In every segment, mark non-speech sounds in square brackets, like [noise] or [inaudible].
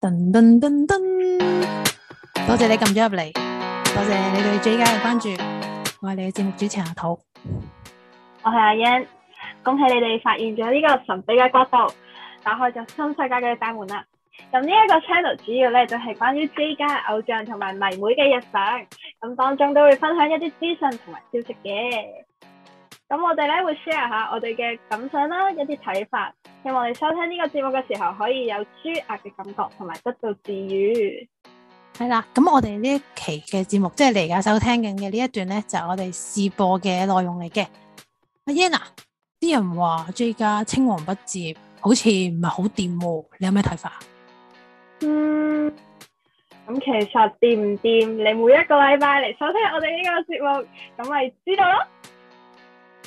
噔噔噔噔，多謝你撳咗入嚟，多謝你對 J 家嘅關注，我係你嘅節目主持人阿土，我係阿英，恭喜你哋發現咗呢個神秘嘅國度，打開咗新世界嘅大門啦！咁呢一個 channel 主要呢就係關於 J 家嘅偶像同埋迷妹嘅日常，咁當中都會分享一啲資訊同埋消息嘅。咁我哋咧會 share 下我哋嘅感想啦，有啲睇法，希望你收聽呢個節目嘅時候可以有舒壓嘅感覺和，同埋得到治愈。係啦，咁我哋呢一期嘅節目，即係你而家收聽緊嘅呢一段咧，就係、是、我哋試播嘅內容嚟嘅。阿 Yena，啲人話 J 家青黃不接，好似唔係好掂，你有咩睇法？嗯，咁其實掂唔掂？你每一個禮拜嚟收聽我哋呢個節目，咁咪知道咯。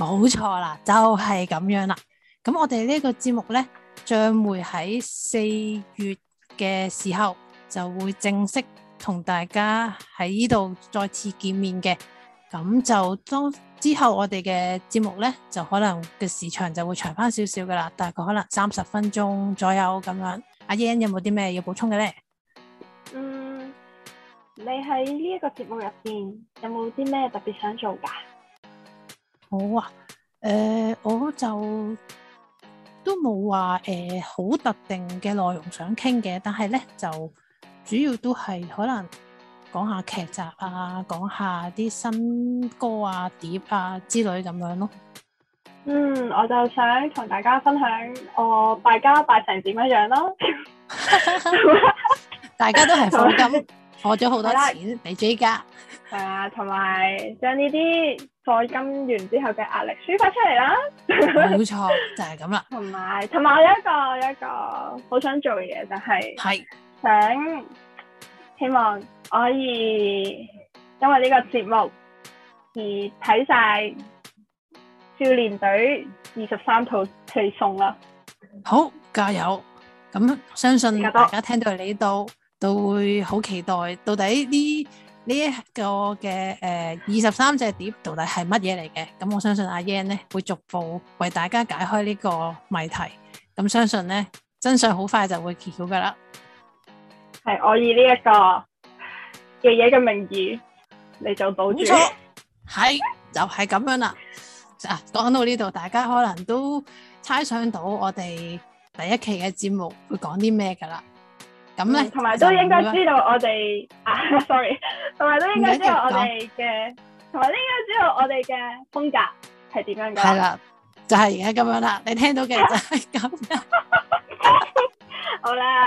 冇錯啦，就係咁樣啦。咁我哋呢個節目呢，將會喺四月嘅時候就會正式同大家喺呢度再次見面嘅。咁就當之後我哋嘅節目呢，就可能嘅時長就會長翻少少噶啦，大概可能三十分鐘左右咁樣。阿 Yen 有冇啲咩要補充嘅呢？嗯，你喺呢一個節目入邊有冇啲咩特別想做噶好、哦、啊，誒、呃，我就都冇話誒好特定嘅內容想傾嘅，但係咧就主要都係可能講下劇集啊，講下啲新歌啊、碟啊之類咁樣咯。嗯，我就想同大家分享我敗家敗成點樣樣咯， [laughs] [laughs] 大家都係放金。攞咗好多錢俾自己，係啊，同埋將呢啲課金完之後嘅壓力抒發出嚟啦，冇錯錯， [laughs] 就係咁啦。同埋，同埋我有一個，有一個好想做嘅嘢，就係、是、想是希望我可以因為呢個節目而睇晒少年隊二十三套戲送啦。好加油！咁相信大家聽到嚟呢度。都會好期待到底呢呢一個嘅誒二十三隻碟到底係乜嘢嚟嘅？咁我相信阿 Yan 咧會逐步為大家解開呢個謎題。咁相信咧真相好快就會揭曉噶啦。係我以呢、這、一個嘅嘢嘅名義嚟做保住。冇錯，係就係、是、咁樣啦。 [laughs] 啊，講到呢度，大家可能都猜想到我哋第一期嘅節目會講啲咩噶啦。咁咧，同埋都應該知道我哋啊，sorry，同埋都應該知道我哋嘅，同埋都應該知道我哋嘅風格係點樣噶。係啦，就係而家咁樣啦，你聽到嘅就係咁樣。好啦，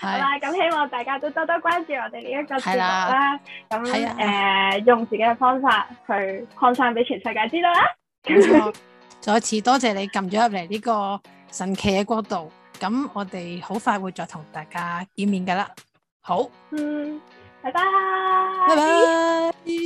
好啦，咁希望大家都多多關注我哋呢一個節目啦。咁誒，用自己嘅方法去擴散俾全世界知道啦。再一次多謝你撳咗入嚟呢個神奇嘅國度。咁我哋好快會再同大家見面㗎喇。好，嗯，拜拜，拜拜。拜拜。